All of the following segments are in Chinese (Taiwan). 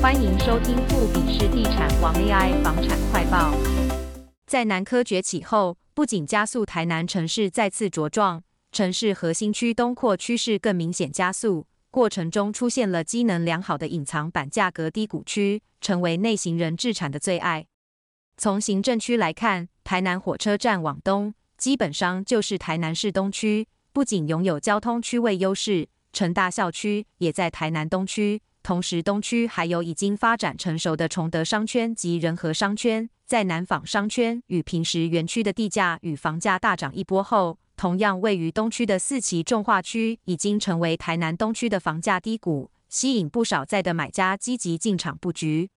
歡迎收聽富比士地產王 AI 房產快報。在南科崛起後，不僅加速台南城市再次茁壯，城市核心區東擴趨勢更明顯加速。過程中出現了機能良好的隱藏版價格低谷區，成為內行人置產的最愛。從行政區來看，台南火車站往東，基本上就是台南市東區。不僅擁有交通區位優勢，成大校區也在台南東區。同時，東區還有已經發展成熟的崇德商圈及仁和商圈，在南紡商圈與平實園區的地價與房價大漲一波後，同樣位於東區的四期重劃區已經成為台南東區的房價低谷，吸引不少在的買家積極進場佈局。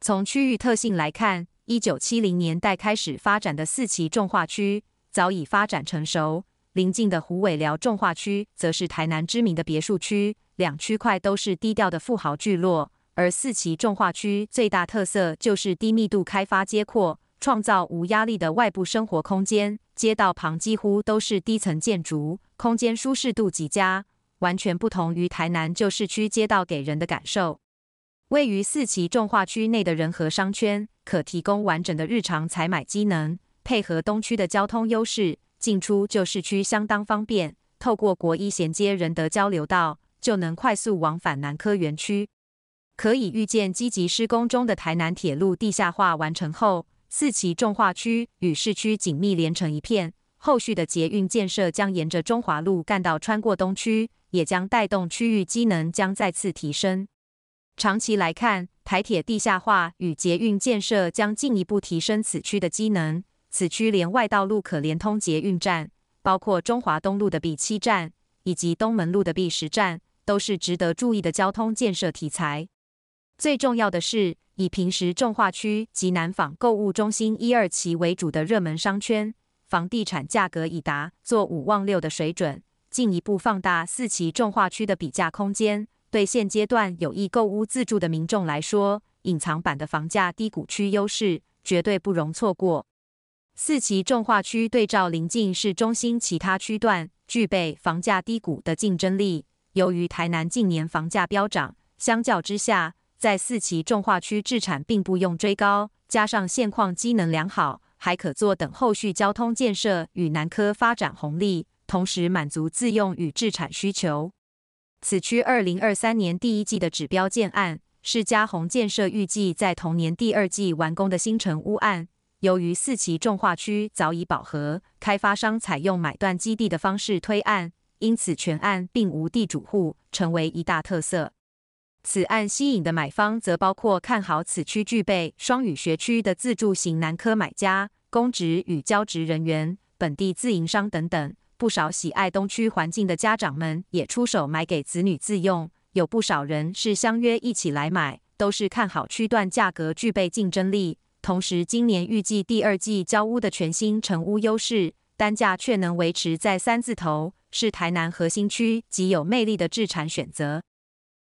從區域特性來看，一九七零年代開始發展的四期重劃區早已發展成熟，鄰近的虎尾寮重劃區則是台南知名的別墅區。兩區塊都是低調的富豪聚落，而四期重劃區最大特色就是低密度開發，街廓創造無壓力的外部生活空間。街道旁幾乎都是低層建築，空間舒適度極佳，完全不同於台南舊市區街道給人的感受。位於四期重劃區內的仁和商圈，可提供完整的日常採買機能，配合東區的交通優勢，進出舊市區相當方便。透過國一銜接仁德交流道，就能快速往返南科園區。可以預見，積極施工中的台南鐵路地下化完成後，四期重劃區與市區緊密連成一片。後續的捷運建設將沿着中華路幹道穿過東區，也將帶動區域機能將再次提升。長期來看，台鐵地下化與捷運建設將進一步提升此區的機能。此區連外道路可連通捷運站，包括中華東路的 B 七站以及東門路的 B 十站。都是值得注意的交通建設題材。最重要的是，以平時重化區及南坊購物中心一二期為主的熱門商圈，房地產價格已達做五萬六的水準，進一步放大四期重化區的比價空間。對現階段有意購物自住的民眾來說，隱藏版的房價低谷區優勢絕對不容錯過。四期重化區對照臨近市中心其他區段，具備房價低谷的競爭力。由於台南近年房價飆漲，相較之下，在四期重劃區置產並不用追高，加上現況機能良好，還可坐等後續交通建設與南科發展紅利，同時滿足自用與置產需求。此區二零二三年第一季的指標建案是佳鋐建設預計在同年第二季完工的新成屋案。由於四期重劃區早已飽和，開發商採用買斷基地的方式推案。因此，全案並無地主戶，成為一大特色。此案吸引的買方則包括看好此區具備雙語學區的自住型南科買家、公職與教職人員、本地自營商等等。不少喜愛東區環境的家長們也出手買給子女自用。有不少人是相約一起來買，都是看好區段價格具備競爭力。同時，今年預計第二季交屋的全新成屋，優勢單價卻能維持在三字頭。是台南核心區極有魅力的置產選擇。